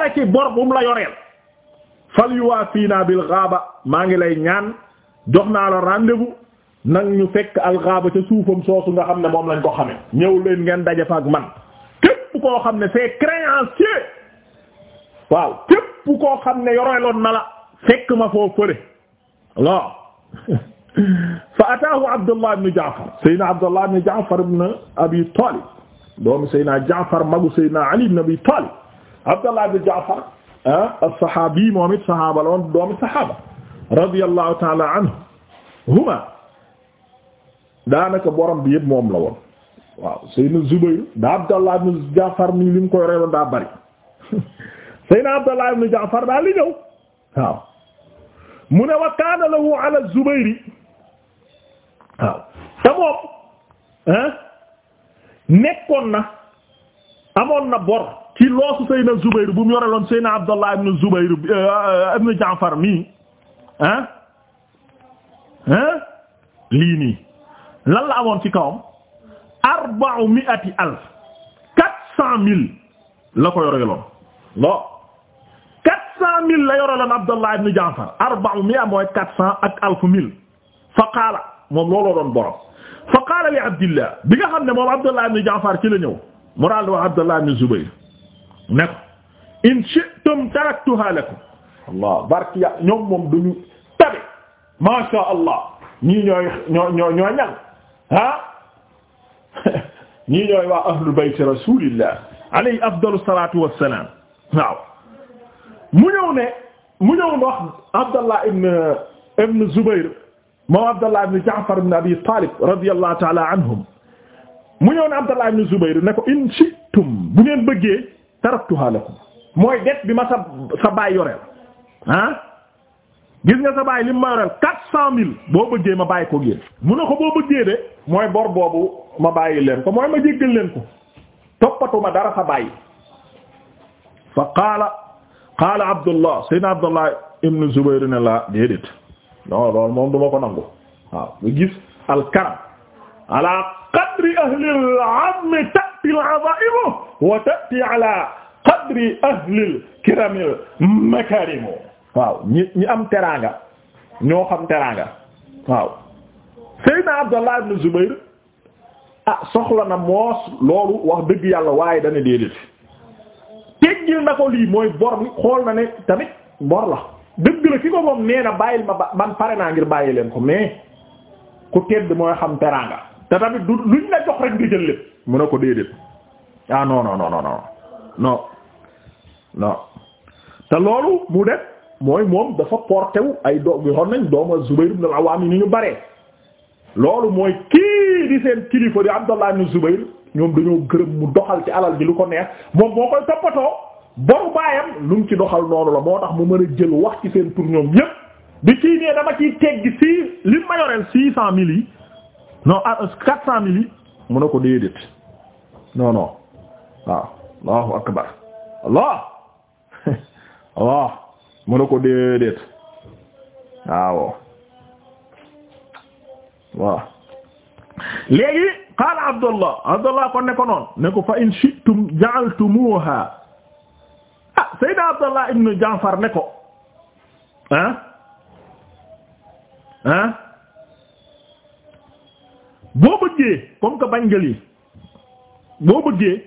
dara ci la yoreel fal yuwaafiina bil gaaba maa ngi lay ñaan jox naa la rendez-vous nag ñu fekk al gaaba ca suufam soosu nga xam ne moom lañ ko xame ñëw leen ngeen daje fa man képp koo xam ne c'est créancier waaw képp koo xam ne yoreeloon na la fekk ma foo fële waaw fa ataahu abdullah ibn jaafar saydna abdullah ibn jaafar ibn abi talib doomu saydna jaafar magu saydna ali ibn abi talib Abdallah ibn Jaafar as-saxaabi ah, moom it saxaaba la woon doomi saxaaba radiyallahu taala anhuma daanaka borom bi yëpp moom la woon waaw Seydina Zubayr da Abdallah ibn Jaafar mi li mu koy reeroon daa bari Seydina Abdallah ibn Jaafar daa li ñëw waaw mu ne wa kaana lahu ala Zubayri waaw te moom ah, nekkoon na amoon na bor loosu Seyna Zubayr bu mu yoreloon Seyna Abdallah ibn Zubayr euh, euh, ibn lan la amoon ci kawam arba'u mi'ati alf quatre la ko yoreloon lo quatre cent la yoreloon Abdallah ibn Jaafar arba'u mi'a mooy quatre cent ak alf li Abdillah bi nga xam ne moom Abdallah ibn Jaafar ci la ñëw mu ne ko in shi'tum taraktuha lakum allah barke ya ñoom moom duñu tabe ma sha allah ñii ñooy ñoo ñoo ñoo ñan ah ñii ñooy waa ahlu bayt rasulillah alayhi afdalu salatu wassalam waaw mu ñëw ne mu ñëw wax abdallah ibn ibn zubayr moom abdallah ibn ja'far ibn abi talib radiyallahu ta'ala anhum mu ñëw ne abdallah ibn zubayr ne ko in shi'tum bu ngeen bëggee taraktuha lakum mooy det bi ma sa sa baay yoreel ah gis nga sa baay ma yoreel quatre cent mille boo bëggee ma bàyyi ko génn mu ne ko boo bëggee de mooy bor boobu ma bàyyi leen ko mooy ma jéggal leen ko toppatuma dara sa baay fa qaala qaala abdullah saydna abdullah ibn zubayr ne la déedéet non loolu moom duma ko nangu waaw lu gis al karam ala ahli al tatil azaimu waaw ñi ñi am teraanga ñoo xam teraanga waaw Seydina Abdallah ibn Zubayr ah soxla na moos loolu wax dëgg yàlla waaye dana déedéet teggil na ko lii mooy bor bi xool na ne tamit bor la dëgg la ki ko moom nee na bàyyil ma ba man pare naa ngir bàyyi leen ko mais ku tedd mooy xam teraanga te tamit du luñ la jox rek nga jël lépp mu ne ko déedéet ah non non non non te loolu mu def mooy moom dafa porté wu ay doom yoo xam nañ doomu Zubayr ibn al-Awwam yi ni ñu baree loolu mooy kii di seen kilifa di am na Zubayr ñoom dañoo gërëm mu doxal ci alal ji lu ko neex moom moo koy toppatoo boru baayam lu mu ci doxal noonu la moo tax mu mën a jël wax ci seen tur ñoom yépp di kii nee dama ciy teggi six li ma yoreel six mille yi non ah euh, quatre cent mille yi mu ne ko déedéet non non waaw ah, allahu akbar allah allah mu ne ko déedéet ah, waaw waaw léegi qaala abdullah abdullah kon ne ko noon ne ko fa in shi'tum ja'altumuha ah sayyidna abdullah ibn ja'far ne ko ah ah boo bëggee comme que bañ nga lii boo bëggee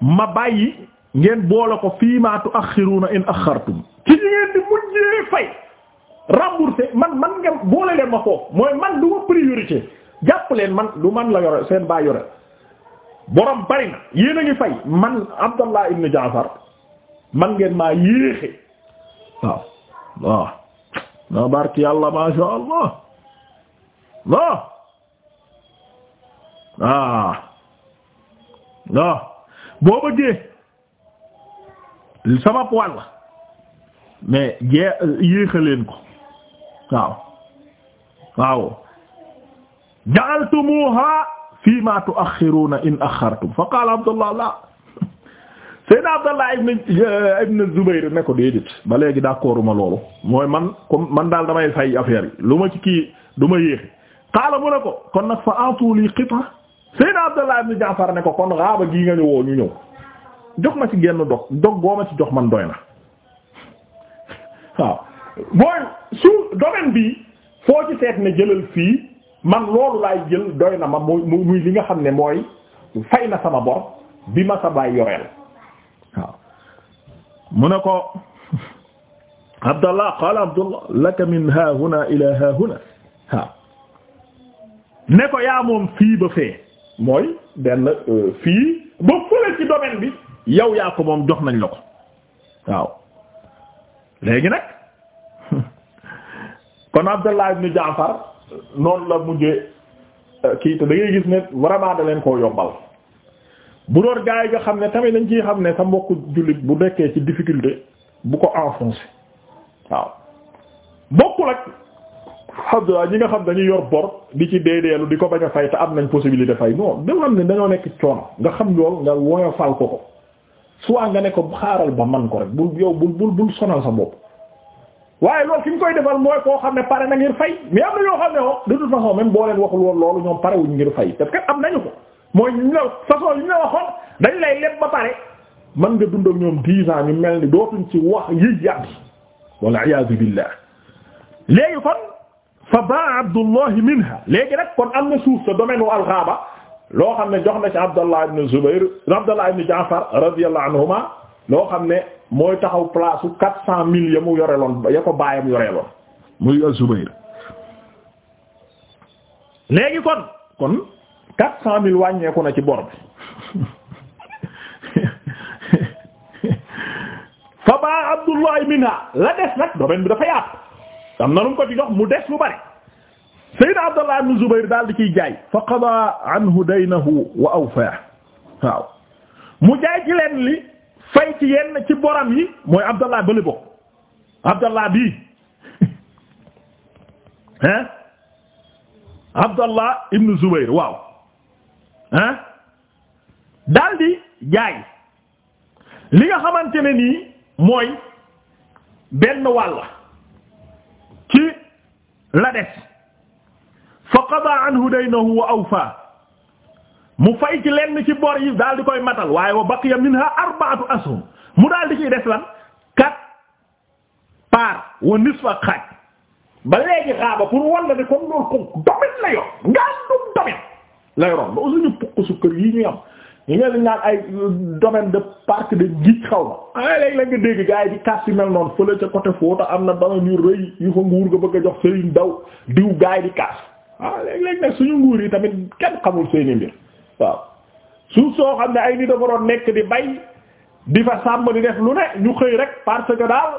ma bàyyi ngeen boole ko fii ma na in axartum ci ñi ngeen di mujjee fay remboursé man man ngeen boole leen ma foofu mooy man du ma priorité jàpp leen man du man la yore seen baa yore borom bari na yéen a ngi fay man Abdallah ibn Jaafar man ngeen maa yéexe waaw waaw naa barki yàlla ma sha Allah waaw ah non boo bëggee sama wàll mais jee yéexaleen ko waaw waaw ja'altumuha fima tu'akhiruna in akhartum fa qala Abdullah la Seydina Abdallah ibn eh, ibn Zubayr ne ko déedéet ba léegi d'accord ma loolu mooy man comme man daal damay fay affaire yi lu ma ci kii du ma yéexi qaala mu ne ko kon nag fa atu li qita Seydina Abdallah ibn Jaafar ne ko kon raaba gii nga ñu ñu ñëw jox ma ci genn dog dog boo ma ci jox man doy na waaw mooy su domaine bi foo ci seet ne jëlal fii man loolu laay jël doy na ma muy muy li nga xam ne mooy fay na sama bor bi ma sa baay yoreel waaw mu ne ko Abdallah qaala Abdallah laka min ha huna ila ha huna waaw ne ko yaa moom fii ba fee mooy benn euh, fii ba fële ci domaine bi yow yaa ko moom jox nañ la ko waaw léegi nag kon Abdallah ibn Jaafar noonu la mujjee euh, kii te da ngay gis ne vraiment da leen koo yombal bu doon yi nga xam ne tamit dañ ci xam ne sa mbokku jullit bu nekkee ci difficulté bu ko enfoncé waaw bokkul ak alhamdulilah ñi nga xam dañu yor bor di ci deedeelu di ko bañ a fay te am nañ possibilité fay non da nga xam ne dañoo nekk coono nga xam lool nga woyofal ko ko soit nga ne ko xaaral ba man ko rek bu yow bul bul bul sonal sa bopp. waaye loolu ki ñu koy defal mooy koo xam ne pare na ngir fay mais am na ñoo xam ne o oh, de toute façon même boo leen waxul woon loolu ñoom pare wuñ ngir fay parce que am nañu ko mooy ñu la façon ñu la waxoon dañ lay leb ba pare man nga dund ak ñoom dix ans ñu mel ni dootuñ ci wax yi yàgg wala iyaazu billah léegi kon fa baa Abdullah minha léegi nag kon am na suuf sa domaine alxaaba loo xam ne jox na ci Abdallah ibn Zubayr Abdallah ibn Jaafar radiyallahu anhuma loo xam ne mooy taxaw place u quatre cent mille ya mu yoreloon ya ko baayam yoreloon muy az-Zubayr léegi kon kon quatre cent mille wàññeeku na ci bor fa baa Abdullah minha la des nag domaine bi dafa yaatu am na lu ko ci jox mu des lu bari Sayyidina Abdallah ibn Zubayr daal di ciy jaay fa qada anhu daynahu wa awfaa waaw mu jaay ci leen li fay ci yenn ci boram yi mooy Abdallah bële bokk Abdallah bii ah Abdallah ibn Zubayr waaw ah daal jaay li nga xamante ne nii mooy benn wàll la des fa qada anhu daynahu wa awfa mu fay ci lenn ci bor yi daal di koy matal waaye wa baqiya minha arba'atu mu daal di ciy des lan kat par wa nisf ak xaaj ba léegi xaaba walla ne comme loolu ko domit la yor ngaa dum domit la yoroon loolu suñu pukk su kër yi ñu am ñu nga naan ay domaine de parc de gij xaw ma ay ah, léegi la nga dégg gaa yi di kas yu mel am na domaine yu rëy yu fa nguur ga bëgg a jox sëriñ daw diw gaa yi di kaas waaw ah, léegi-léegi nag suñu nguur yi tamit kenn xamul seeni mbir waaw suuf soo xam ne ay nit dafa doon nekk di bay di fa sàmm di def lu ne ñu xëy rek parce que daal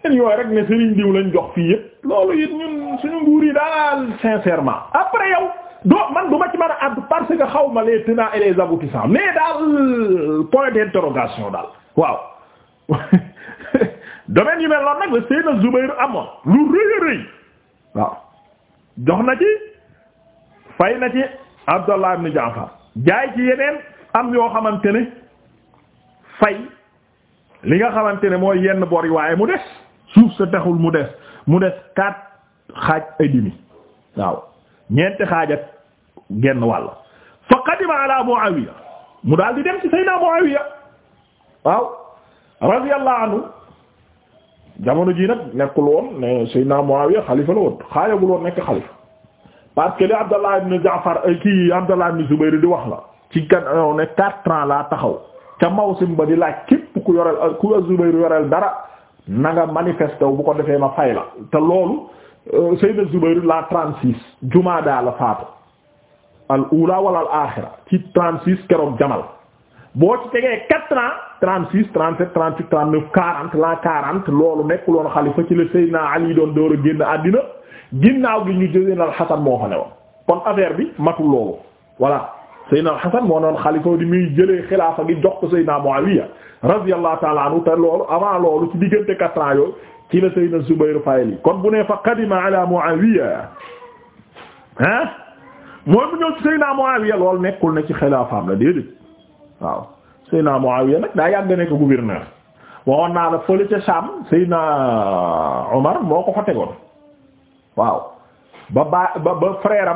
seen yooyu rek ne sëriñ diw lañ jox fii yëpp loolu it ñun suñu nguur yi daal sincèrement après yow doo man du ma ci mën a àddu parce que xaw ma les tenants et les aboutissants mais daal point d'interrogation daal waaw domaine yu mel noonu nag la Seydina Zubayr amoon lu rëy a rëy waaw jox na ci fay na ci Abdallah ibn Jaafar jaay ci yeneen am yoo xamante ne fay li nga xamante ne mooy yenn bor yi waaye mu des suuf sa taxul mu des mu des quatre xaaj et demi waaw ñeenti xaaj genn wàll fa qadima ala Muawiya mu daal di dem ci Seydina Muawiya waaw radiyallahu anhu jamono ji nag nekkul woon ne Seydina Muawiya xalifa la woon xaajagul woon nekk xalifa parce que li Abdallah ibn Jaafar eh, kii Abdallah ibn Zubayr di wax la ci gannaaw eh, ne quatre laa taxaw ca mawsim ba di laaj képp ku yoreel eh, ku Zubayr yoreel dara na nga bu ko defee ma fay la te loolu Seydina Zubayr la trente-six jumaa daa la faatu al ula wala al axira ci 36 keroog jamal boo ci tegee 4 ans 36 37 38 39 40 la 40 loolu nekkuloon xalifa ci la Seydina Ali doon door a génn àddina ginnaaw gi ñu jëlee na Alxasan moo fa newoon kon affaire bi matul loolu voilà Seydina Alxasan moo doon xalifa di muy jëlee xilaafa gi jox ko Seydina Muawiya radiyallahu ta'ala anhu te loolu avant loolu ci diggante 4 ans yooyu ci la Seydina Zubayr fayali kon bu ne fa qadima ala Muawiya ah. mooy mu ñëw ci Seydina Muawiya loolu nekkul ne ci xilaafaam la déedéet waaw Seydina Muawiya nag daa yàgg nekk gouverneur waxoon la fële ca Sham Seydina Omar moo ko fa tegoon waaw ba ba ba ba frère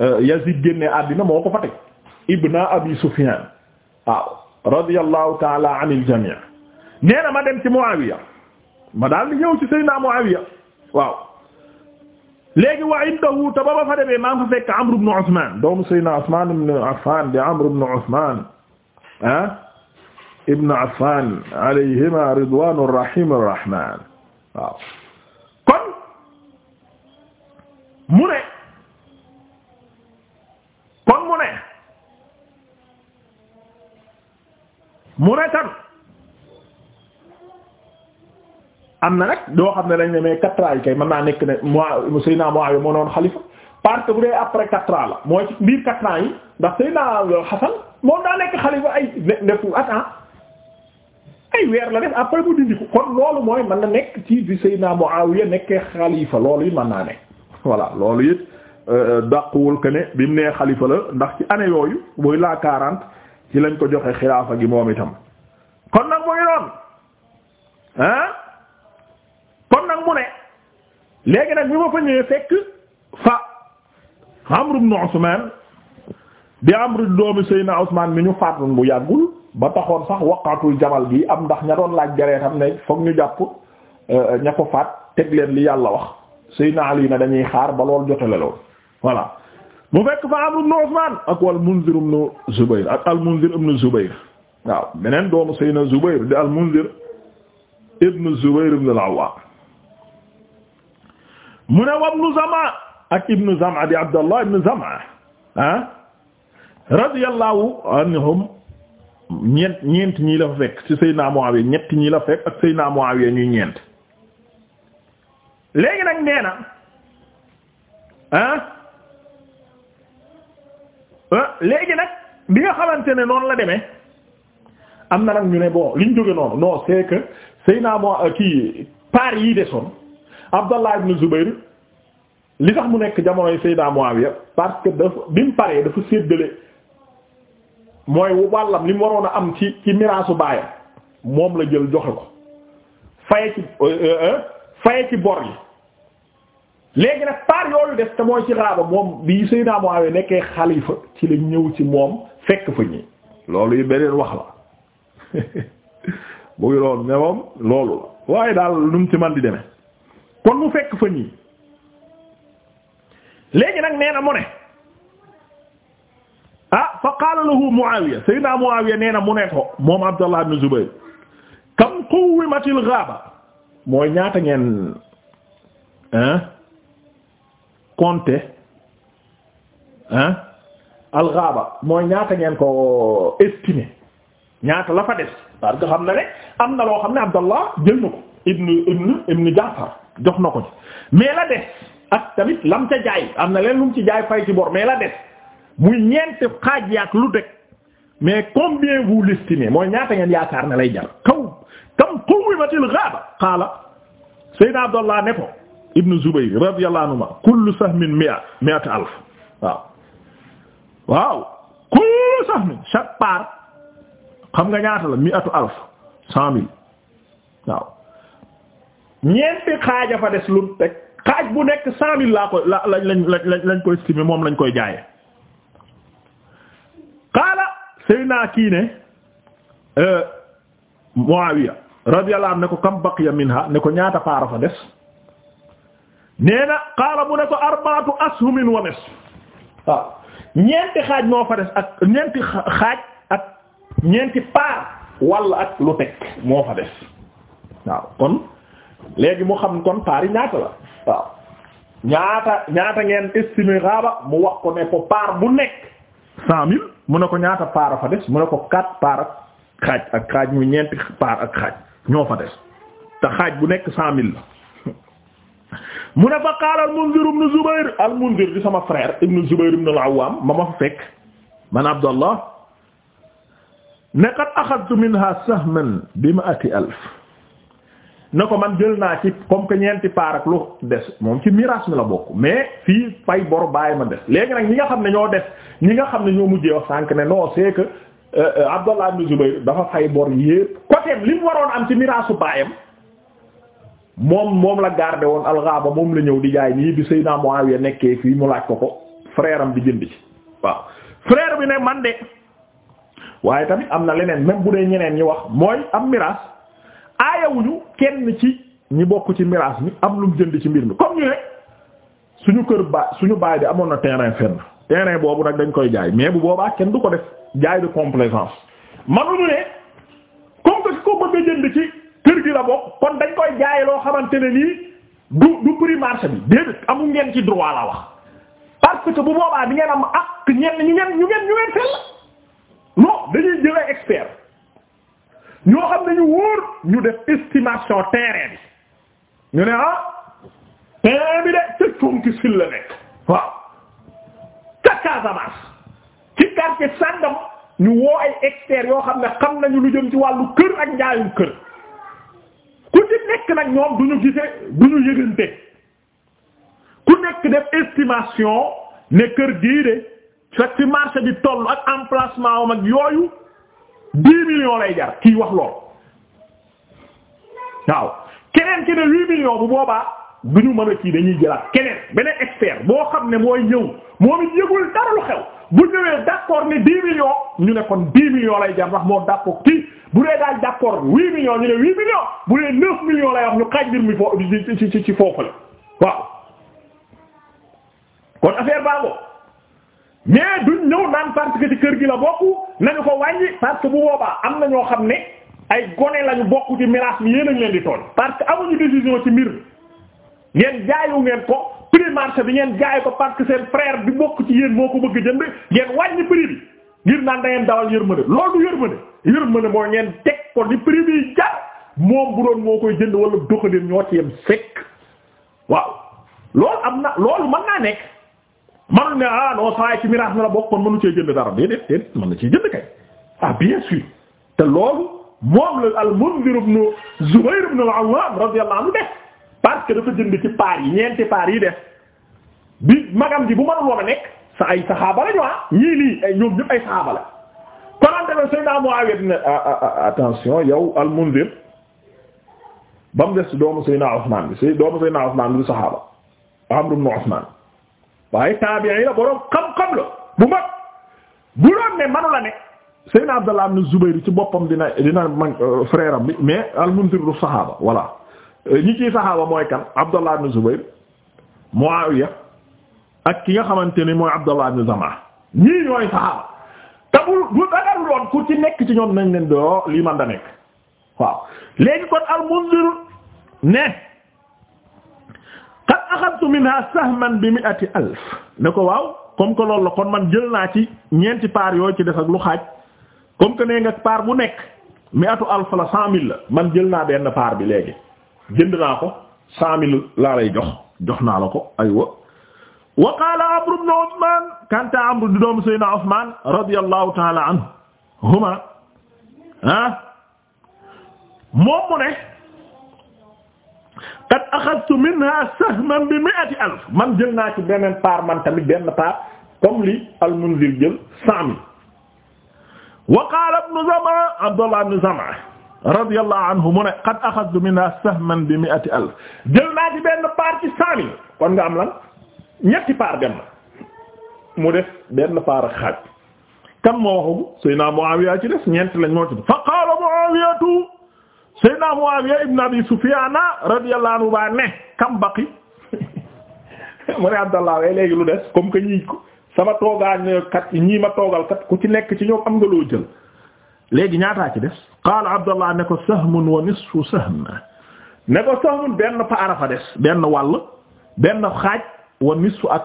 euh, génne àddina moo ko fa teg Ibn Abi Sufyan waaw radiyallahu ta'ala anil jami' nee na ma dem ci Muawiya ma daal ñëw ci Seydina Muawiya waaw léegi wa indahu te ba ba fa demee maa ngi fa fekk Amr ibn Usman doomu Seydina Usman ibn Affan di Amr ibn Usman ah ibn Affan alayhima ridwanu rahim arrahman waaw kon mu ne kon mu ne mu ne tan am na nag doo xam ne dañ ne mais quatre ans yi kay mën naa nekk ne mois Seydina Muawiya moo noon xalifa parce que bu dee après quatre la mooy ci biir quatre ans yi ndax Seydina Hasan moom daa nekk xalifa ay defu at ah. weer la def après bu dindi ko kon loolu mooy mën na nekk ci bi Seydina Muawiya nekkee xalifa loolu it man naa ne voilà loolu it euh, dàquwul que ne bi mu nee xalifa la ndax ci année yooyu booy la quarante ci lañ ko joxe xilaafa gi moom itam kon nag mu ngi kon nag mu ne léegi nag bi ma fa ñëwee fekk fa Amr ibn Usman bi Amr doomi Seydina Usman mi ñu faatoon bu yàggul ba taxoon sax waqaatul jamal bi am ndax ña doon laaj deretam ne fokk ñu jàpp euh, ña ko faat teg leen li yàlla wax Seydina Ali na dañuy xaar ba lool jotale lool voilà mu fekk fa Amr ibn Usman ak wal Munzir ibn Zubayr ak al Munzir ibn Zubayr waaw beneen doomu Seydina Zubayr di al Munzir ibn Zubayr ibn al Awwam mu ne wa ibnu Zam'a ak ibnu Zam'a bi Abdallah ibnu Zam'a ah radiyallahu anhum ñeent ñeent ñii la fa fekk ci Seydina Muawiya ñett ñii la fekk ak Seydina Muawiya ñuy ñeent léegi nag nee na ah, ah léegi nag bi nga xamante ne noonu la demee am na nag ñu ne bon liñ jóge noonu non c'est que Seydina Muawiya kii par yi desoon Abdallah ibn Zubayr li tax mu nekk jamono sey naa Seydina Muawiya parce que dafa bi mu paree dafa séddale mooy wàllam li mu waroon a am ci ci miraasu baayam moom la jël joxe ko faye ci euh, euh, euh, faye ci bor yi léegi nag par yooyu def te mooy ci raaba moom bi Seydina Muawiya nekkee xalifa ci la ñëw ci moom fekk fa ñi loolu yi beneen wax la bu ngi loolu la waaye daal lu mu ci man di demee kon mu fekk fa nii léegi nag nee na mu ne ah fa qaala lahu Muawiya sayyidina Muawiya nee na mu ne ko moom Abdallah ibn Zubayr kam quwwimatil ghaaba mooy ñaata ngeen hein compter hein al ghaaba mooy ñaata ngeen ko estimer ñaata la fa des parce que xam na ne am na loo xam ne Abdallah jël na ko ibnu ibnu ibnu Jaafar jox na ko mais la des ak tamit lam ca jaay am na leen lu ci jaay fay ci bor mais la des muy ñeenti xaaj yaak lu dek mais combien vous l'estimez mooy ñaata ngeen yaakaar na lay jar kaw kam qawwimatil ghaaba qaala sayyid Abdallah ne ko ibnu Zubayr radiyallahu anhuma kullu sahmin mi'a mi'at alf waaw waaw kullu sahmin chaque part xam nga ñaata la mi'atu alf cent waaw ñeenti xaaja fa des lu teg xaaj bu nekk cent mille laa ko la lañ lañ lañ ko estimé moom lañ koy jaaye xaala sëy naa kii ne euh, Muawiya radiyallahu am ne ko kam baqiya minha ne ko ñaata paara fa des nee xaala bu ne ko arbaatu ashumin wa nisf waaw ñeenti xaaj moo fa des ak ñeenti xaaj ak ñeenti paar walla ak lu teg moo fa des waaw kon léegi mu xam kon paari ñaata la waaw ñaata ñaata ngeen estimé raaba mu wax ko ne ko paar bu nekk cent mille mu ne ko ñaata paar a fa des mu ne ko quatre paar xaaj ak xaaj mu ñeenti paar ak xaaj ñoo fa des te xaaj bu nekk cent mille la mu ne fa qaala al Munzir ibn Zubayr al Munzir di sama frère ibn Zubayr ibn al ma ma fa fekk man Abdallah ne qad axadtu minha sahman bi ma'ati alf na ko man jël naa ci comme que ñeenti paar ak lu des moom ci miraas mi la bokk mais fii fay bor baay ma des léegi nag ñi nga xam ne ñoo des ñi nga xam ne ñoo mujjee wax sànk ne non c'est que euh, euh, Abdallah ibn Zubayr dafa fay bor yépp côté li mu waroon am ci miraasu baayam moom moom la garde woon alxaaba moom la ñëw di jaay nii bi Seydina Muawiya nekkee fii mu laaj ko ko frère bi jënd ci waaw frère bi ne man de waaye tamit am na leneen même bu de ñeneen ñi wax mooy am miraas aayawuñu kenn ci ñi bokk ci miraas mi am lu mu jënd ci mbir mi comme ñu ne suñu kër ba suñu baay bi amoon na terrain fenn terrain boobu nag dañ koy jaay mais bu boobaa kenn du ko def jaay de complaisance manuñu ne comme que ko bëgg jënd ci kër gi la bokk kon dañ koy jaay loo xamante ne nii du du prix marché bi déedéet amu ngeen ci droit la wax parce que bu boobaa bi ngeen am ak ñenn ñu ngeen ñu ngeen ñu ngeen fenn dañuy jëlee expert. ñoo xam ne ñu wóor ñu def estimation terrain bi ñu ne ah terrain bi de ca conki sil la nekk waaw ca Casamance ci quartier sàngam ñu woo ay experts yoo xam ne xam nañu lu jëm ci wàllu kër ak njaayum kër ku ci nekk nag ñoom du ñu gise du ñu yëgante ku nekk def estimation ne kër gii de fekk ci marché bi toll ak emplacement am ak yooyu dix millions lay jar kii wax lool waaw keneen ki ne huit millions bu boobaa du ñu mën a kii dañuy jëlaat keneen beneen expert boo xam ne mooy ñëw moom yëgul dara lu xew bu ñëwee d'accord ne dix millions ñu ne kon dix millions lay jar ndax moo d'accord kii bu dee daal d'accord huit millions ñu ne huit millions bu dee neuf millions lay wax ñu xaaj mbir mi ci ci ci foofu la waaw kon affaire baa mais duñ ñëw naan parce que ci kër gi la bokk nañu ko wàññi parce que bu boobaa am na ñoo xam ne ay gone lañu bokk ci miraas mi yéen a ngi leen di toll. parce que amuñu décision ci mbir ngeen jaayu ngeen ko prix marché bi ngeen jaay ko parce que seen frère bi bokk ci yéen moo ko bëgg jënd ngeen wàññi prix bi ngir naan da ngeen dawal yërmande loolu du yërmande yërmande mooy ngeen teg ko ni prix bi jar moom bu doon moo koy jënd wala doxalin ñoo ci yem sekk loolu am na loolu mën nekk. man ne ah non saa yi ci miraas mi la bokkoon mënu cee jënd dara déedéet déedéet mën na cee jënd kay ah bien sûr te loolu moom la al-Mundhir ibn Zubayr ibn al-Awwam radiyallahu anhu def parce que dafa jënd ci paar yi ñeenti paar yi def bi magam ji bu mënul woon a nekk sa ay saxaaba la ñu ah ñii lii ñoom ñëpp ay saxaaba la konante ba Seydina Muawiya ne ah, ah, ah, attention yow al-Mundhir ba mu des doomu Seydina Usmaan bi Seydina doomu Seydina Usmaan du saxaaba Amr ibn Usmaan waaye taabi'i la borom xam-xam la bu mag bu doon ne manu la ne Seydina Abdallah ibn Zubayr ci boppam dina dina mag euh, frère am bi mais al-Munzir du saxaaba voilà euh, ñi ciy saxaaba mooy kan Abdallah ibn Zubayr Muawiya ak ki nga xamante ni mooy Abdallah ibn Zama ñii ñooy saxaaba te bu bu dagarul woon ku ci nekk ci ñoom nañ leen doo lii man da nekk waaw léegi kon al ne. axadtu minha sahman bi mi'ati alf ne ko waaw comme que loolu la kon man jël naa ci ñeenti paar yooyu ci def ak lu xaaj comme que nee nga paar bu nekk mi'atu alf la cent mille la man jël naa benn paar bi léegi jënd naa ko cent mille laa lay jox jox naa la ko aywa wa qaala Amr ibn Usman kanta Amr di doomu Seydina Usman radiyallahu ta'ala anhuma ah moom mu ne qad axadtu minha sahman bi mi'ati alf man jël naa ci beneen part man tamit benn part comme li al-Munzir jël cent mille wa qaala ibnu Zam'a Abdullah ibnu Zam'a radiyallahu anhu mu ne qad axadtu minha sahman bi mi'ati alf jël naa ci benn part ci cent mille kon nga am lan ñetti part dem na mu def benn part ak xaaj kan moo waxu Seydina Muawiya ci def ñeent lañ moo ci fa qaala Muawiyatu Seydina Muawiya ibn Abi Sufyaan radiyallahu anhu ba ne kam baqi mu ne Abdallah waaye léegi lu des comme ko ñii sama toogaan kat ñii ma toogal ku ci nekk ci ñoom am nga loo jël léegi ñaataa ci des qaala Abdallah ne ko sahmun wa nisfu sahm ne ko sahmun benn paara fa des benn wàll benn xaaj wa nisfu ak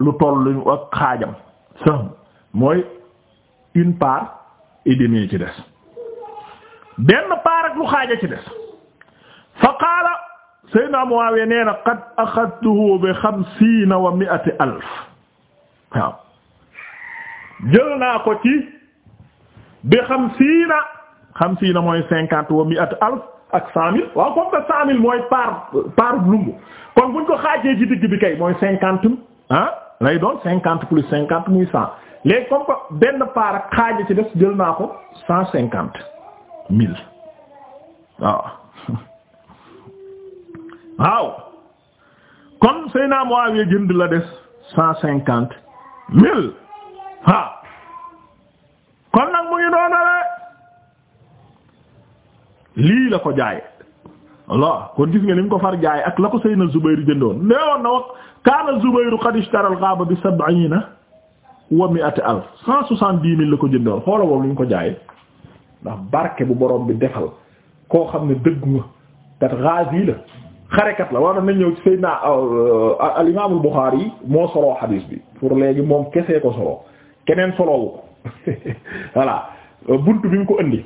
lu tollu ak xaajam sahm mooy une part et ci des benn paar ak lu xaaja ci des fa qaala Seydina Muawiya nee na qad axadtuhu bi xamsiina wa mi'ati alf waaw jël naa ko ci bi xamsiina xamsiina mooy cinquante wa mi'ati alf ak cent mille waaw comme que cent mille mooy par par lungu kon buñ ko xaajee ci digg bi kay mooy cinquante ah lay doon cinquante plus cinquante muy cent léegi comme que benn paar ak xaaja ci des jël naa ko cent cinquante mil waaw waaw kon Seydina Muawiya jënd la des cent cinquante mille waaw kon nag mu ngi doonale lii la ko jaaye Allah kon gis nga li mu ko far jaaye ak la ko Seydina Zubayr jëndoon neewoon na wax kaana Zubayru qad ishtara bi sab'iina wa mi'ati alf cent soixante-dix mille la ko jëndoon xoola woow li mu ko jaaye ndax barke bu borom bi defal koo xam ne dëgg nga kat ghazi la xarekat la war nañ ñëw ci Seydina euh, al imaam al moo soloo xadiis bi pour léegi moom kesee ko soloo keneen soloowu ko voilà bunt bi mu ko indi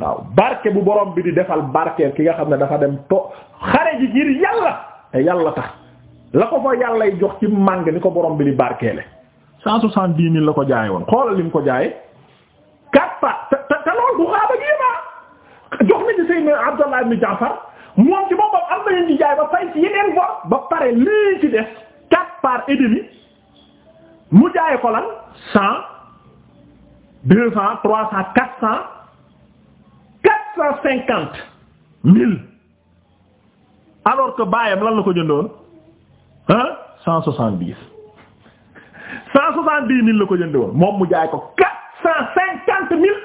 waaw barke bu borom bi di defal barke ki nga xam ne dafa dem to xare ji ngir yàlla te yàlla tax la ko fa yàllay jox ci màng ni ko borom bi di barkeele cent soixante-dix mille la ko jaay woon xoolal li mu ko jaay quatre jox na ci Seydina Abdallah ibn Jaafar moom ci boppam am na ñu jaay ba fay ci yeneen bor ba pare lii ci des quatre parts et mu jaay ko lan cent deux cent trois cent quatre cent cinquante mille alors que baayam lan la ko jëndoon ah cent soixante dix cent soixante dix mille la ko jëndoon moom mu jaay ko quatre cent cinquante mille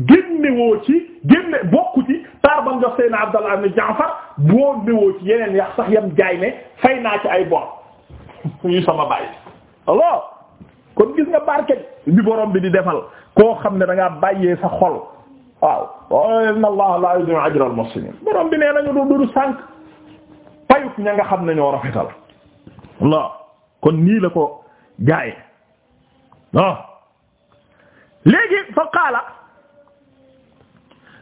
génnewoo ci génne bokku ci taar ba nga jox Seydina Abdallah ibn Jaafar boo newoo ci yeneen yax sax yam jaay ne fay naa ci ay bor ñu sama bàyyi alors kon gis nga barke bi borom bi di defal koo xam ne danga ngaa bàyyee sa xol waaw inna allaha la yudi'u ajra al muhsinin borom bi nee nañu du du sànq payuk ña nga xam ne ñoo rafetal waaw kon nii la ko jaaye waaw léegi fa qaala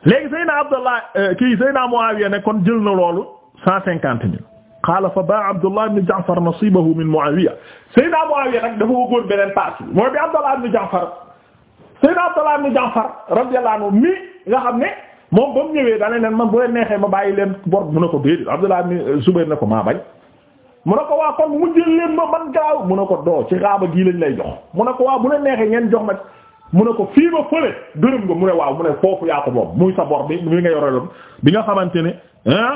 léegi Seydina Abdallah euh, kii Seydina Muawiya ne kon jël na loolu cent cinquante mille qaala fa baa Abdullah ibn Ja'far nasibahu min Muawiya Seydina Muawiya nag dafa wëggoon beneen partie mooy bi Abdullah ibn Ja'far Seydina Abdullah ibn Ja'far radiyallahu anhu mi nga xam ne moom ba mu ñëwee ne leen man bu leen neexee ma bàyyi leen bor mu ne ko déedéet Abdullah ibn Zubayr ne ko maa bañ mu ne ko waa kon mu jël leen ma man gaaw mu ne ko doo ci raaba gii lañ lay jox mu ne ko waa bu leen neexee ngeen jox ma mu ne ko fii ba fële gërëm nga mu ne waaw mu ne foofu yaa moom muy sa bor bi nga yore loon xamante ne ah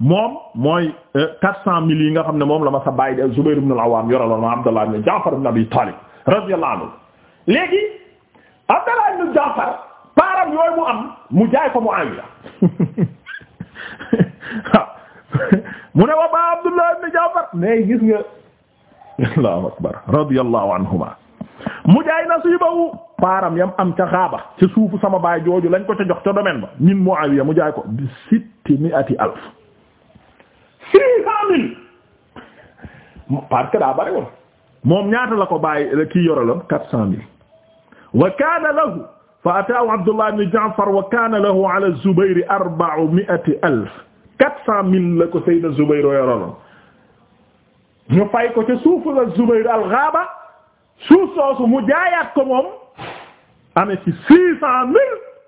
moom mooy euh, quatre cent mille yi nga xam ne moom la ma sa bàyyi de Zubayr ibn al-Awwam yore loon ma Abdallah ibn Jaafar ibn Abi Talib radiyallahu anhu léegi Abdallah ibn Jaafar paaram yooyu mu am mu jaay ko Muawiya mu ne wa ba Abdullah ibn Jaafar mais gis nga Allahu akbar radiyallahu anhuma mu jaay nasiibahu paaram yam am ca xaaba ca suufu sama baay jooju lañ ko ca jox ca domaine ba min mu jaay bi sitti alf six cent mille parce daa bari moom ñaata la ko bàyyi kii yoraloon quatre cent mille wa lahu fa ataahu Abdullah ibn Ja'far lahu ala Zubayr arba'u la ko mu jaayaat ko moom amee ci six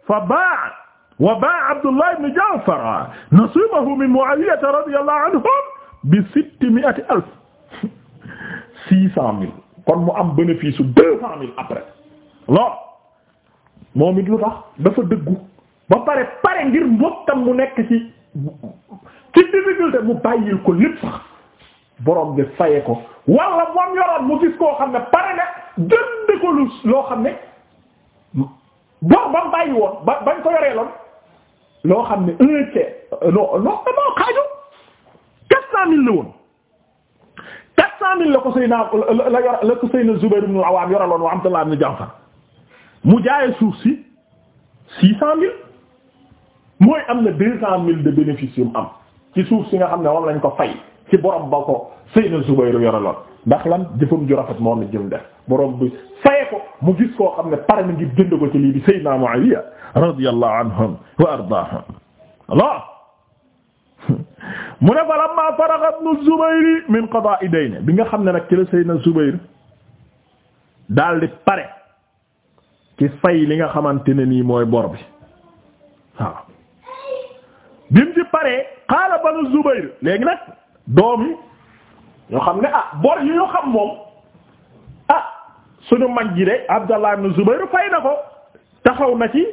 fa baa wa baa Abdullah ibn Ja'far nasiibahu min Mu'awiya radiyallahu anhum bi sitti mi'ati alf kon mu am bénéfice su deux cent mille après lool moom it lu tax dafa dëggu ba pare pare ngir mbokkam mu nekk ci ci difficulté mu bàyyil ko lépp sax borom bi faye ko wala moom yoroon mu gis koo xam ne pare na jënd ko lu loo xam ne bor ba mu bàyyi woon ba bañ ko yoree loon loo xam ne un tiers euh, non non xaaju quatre cent mille la woon quatre cent mille la ko Seydina la yor la ko Seydina Zubayr ibn Awwam yoraloon wa Abdullah ibn Ja'far mu jaayee suuf si six cent mille mooy am na deux cent mille de bénéfice am ci suuf si nga xam ne moom lañ ko fay. ci borom ba ko Seydina Zubayru yoraloon ndax lan jëfam ju rafet moom la jëm def borom bi ko mu gis koo xam ne pare na ngir jënd ko ci lii di Seydina Muawiya radiyallahu anhum wa ardaahum Allah mu ne fa lamma faraga ibnu Zubayr min qadaa'i dayni bi nga xam ne nag ci la Seydina Zubayr daal di pare ci fay li nga xamante ne nii mooy bor bi waaw bi mu ci paree qaala doom yi ñoo xam ne ah bor yi ñoo xam moom ah suñu mag ji de Abdallah ibn Zubayr fay na ko taxaw na ci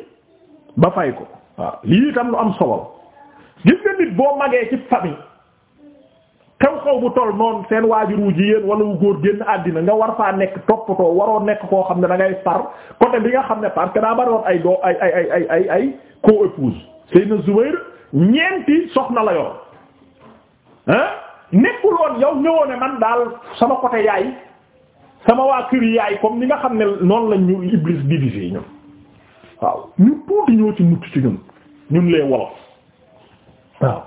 ba fay ko waaw lii itam lu am solo nga boo magee ci famille xew-xew bu toll noonu seen waajur wu jigéen wala wu góor génn àddina nga war faa nekk toppatoo waroo nekk koo xam ne dangay ngay far côté bi nga xam ne parce que daa bari ay doo ay ay ay ay ay ay co-épouse Seydina Zubayr ñeenti soxna la yor. ah nekkul woon yow ñëwoo ne man daal sama côté yaay sama waa kër yaay comme ni nga xam ne noonu lañ ñu Iblis divisé ñun waaw ñu tuuti ñoo ci mucc ci ñun ñun les wolof waaw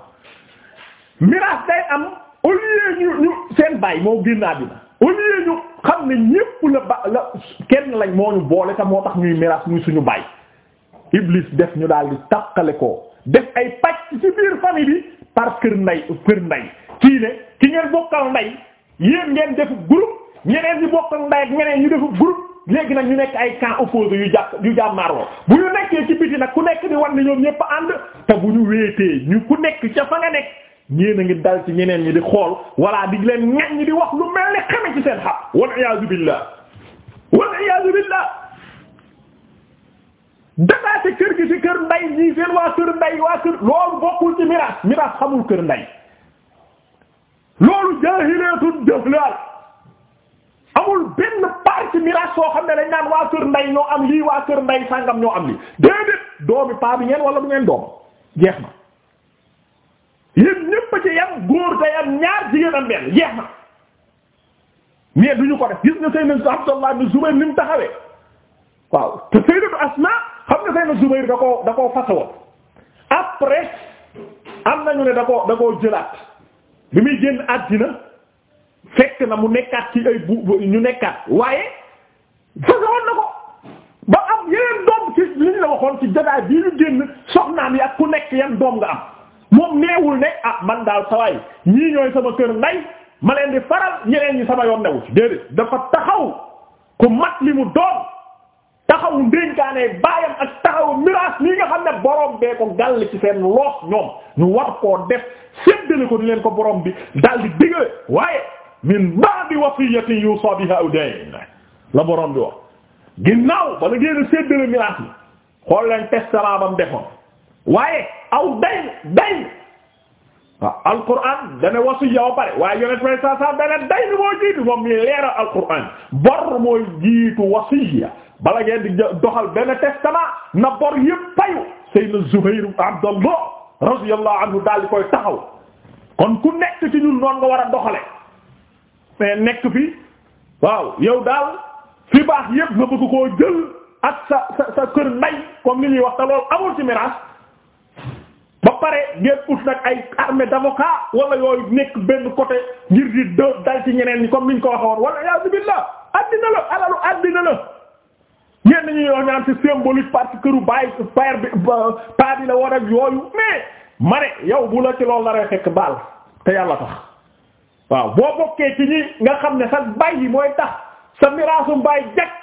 miraas day am au lieu ñu ñu seen baay moo génn àddina au lieu ñu xam ne ñépp la ba la kenn lañ moo ñu boole te moo tax ñuy miraas muy suñu baay Iblis def ñu daal di tàqale ko def ay pàcc ci par kër nday kër nday kii ne ki ngeen bokkal nday yéen ngeen defu groupe ñeneen ñi bokkal nday ak ñeneen ñu defu groupe léegi nag ñu nekk ay camps opposés yu jàpp yu jàmmaar wa bu ñu nekkee ci biti nag ku nekk di wan na ñoom ñépp ànd te bu ñu weetee ñu ku nekk ca fa nga nekk ñeen a ngi dal ci ñeneen ñi di xool walla di leen ñañ ñi di wax lu mel ni xame ci seen xab wal iyaazu billah wal iyaazu billah dagaate kër gi ci kër nday ñii seen waa kër nday waa kër loolu bokkul ci miraas miraas xamul kër nday loolu jaahileetun jahlaal amul benn part ci miraas soo xam ne dañ naan waa kër nday ñoo am lii waa kër nday sàngam ñoo am lii déedéet doomi paa bi ngeen wala bu ngeen doom jeex na yéen ñépp ci yam góor te yam ñaar jigéen am benn jeex na mais duñu ko def gis nga Seydina Abdallah ibn Zubayr ni mu taxawee waaw te Sayyidatu Asma xam nga seen Zubayr da koo da koo fasawoon après am nañu ne da koo da koo jëlaat bi muy génn àddina fekk na mu nekkaat ci ay bu ñu nekkaat waaye fasawoon na ko ba am yeneen doom ci li ñu la waxoon ci jotaay bii ñu génn soxnaam yi ak ku nekk yan doom nga am moom neewul ne ah man daal sawaay ñii ñooy sama kër nday ma leen di faral ñeneen ñi sama yoon newu ci déedéet dafa taxaw ku mat li mu doon. taxaw ndénkaane baayam bi daal di digale la borom bi ginnaaw bala ngeen séddale miraas yi xool leen testament bam defoon waaye aw dayn dayn waaw dana wasiya ba pare waaye yonent may sa sa dana jiitu moom mi leeral alquran bor mooy jiitu wasiya bala ngeen di doxal benn testament na bor yëpp payu Seydina Zuhayr Abdallah radiyallahu anhu daal di koy taxaw kon ku nekk ci ñun noonu nga war a doxale mais nekk fi waaw yow daal fi baax yëpp nga bëgg ko jël ak sa sa kër nday comme ni ñuy wax te loolu amul ci miraas ba pare ngeen ut nag ay armée d'avocats wala yooyu nekk benn côté ngir di dal ci ñeneen ñi comme ñu ko waxee woon wala yaa billah addina la alalu addina la. ñenn ñi yoo ñaan ci symbolique parce këru baay père bi paa bi la war ak yooyu mais ma yow bu la ci loolu la rek baal te yàlla tax waaw boo bokkee ci ñi nga xam ne sa baay yi mooy tax sa miraasum baay jag